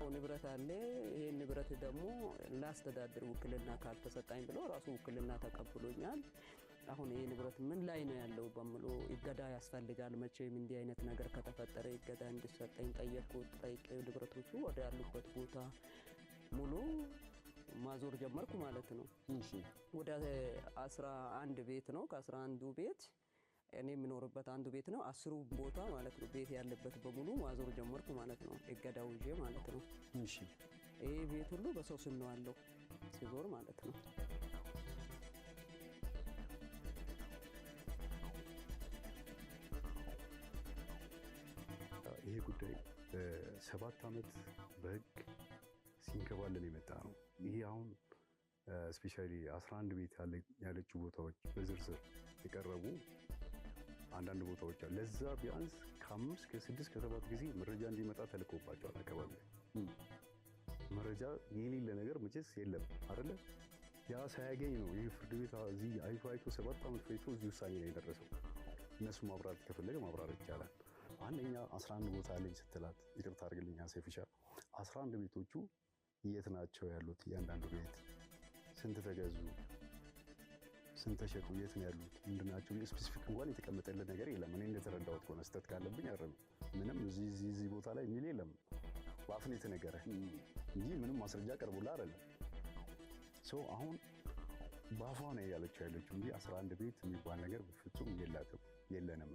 የማውቀው ንብረት አለ። ይህን ንብረት ደግሞ ላስተዳድር ውክልና ካልተሰጣኝ ብሎ ራሱ ውክልና ተቀብሎኛል። አሁን ይህ ንብረት ምን ላይ ነው ያለው በምሎ ይገዳ ያስፈልጋል። መቼም እንዲህ አይነት ነገር ከተፈጠረ ይገዳ እንዲሰጠኝ ጠየቅኩት። ጠይቄ ንብረቶቹ ወደ ያሉበት ቦታ ሙሉ ማዞር ጀመርኩ ማለት ነው። ወደ አስራ አንድ ቤት ነው። ከአስራ አንዱ ቤት እኔ የምኖርበት አንዱ ቤት ነው። አስሩ ቦታ ማለት ነው ቤት ያለበት በሙሉ ማዞር ጀመርኩ ማለት ነው። እገዳው ይዤ ማለት ነው። ይህ ቤት ሁሉ በሰው ስም ነው ሲዞር ማለት ነው። ይሄ ጉዳይ በሰባት ዓመት በህግ ሲንከባለን የመጣ ነው። ይሄ አሁን ስፔሻሊ 11 ቤት ያለችው ቦታዎች በዝርዝር የቀረቡ አንዳንድ ቦታዎች አሉ። ለዛ ቢያንስ ከአምስት ከስድስት ከሰባት ጊዜ መረጃ እንዲመጣ ተልኮባቸዋል። አካባቢ መረጃ የሌለ ነገር መቼስ የለም አይደለ? ያ ሳያገኝ ነው ይህ ፍርድ ቤት እዚህ አይቶ አይቶ ሰባት ዓመት ፈጅቶ እዚህ ውሳኔ ላይ የደረሰው። እነሱ ማብራት ከፈለገ ማብራር ይቻላል። አንደኛ 11 ቦታ አለኝ ስትላት ይቅርታ አድርግልኝ ሴፍሻ 11 ቤቶቹ የት ናቸው ያሉት? እያንዳንዱ ቤት ስንት ተገዙ? ስንት ተሸጡ፣ የት ነው ያሉት፣ ምንድናቸው? ስፔሲፊክ እንኳን የተቀመጠልን ነገር የለም። እኔ እንደተረዳሁት ከሆነ ስህተት ካለብኝ አረም ምንም እዚህ ቦታ ላይ የሚል የለም። በአፍን የተነገረ እንጂ ምንም ማስረጃ ቀርቦላ አይደለም። ሰው አሁን በአፏ ነው ያለችው ያለችው እንጂ 11 ቤት የሚባል ነገር በፍጹም የላትም የለንም።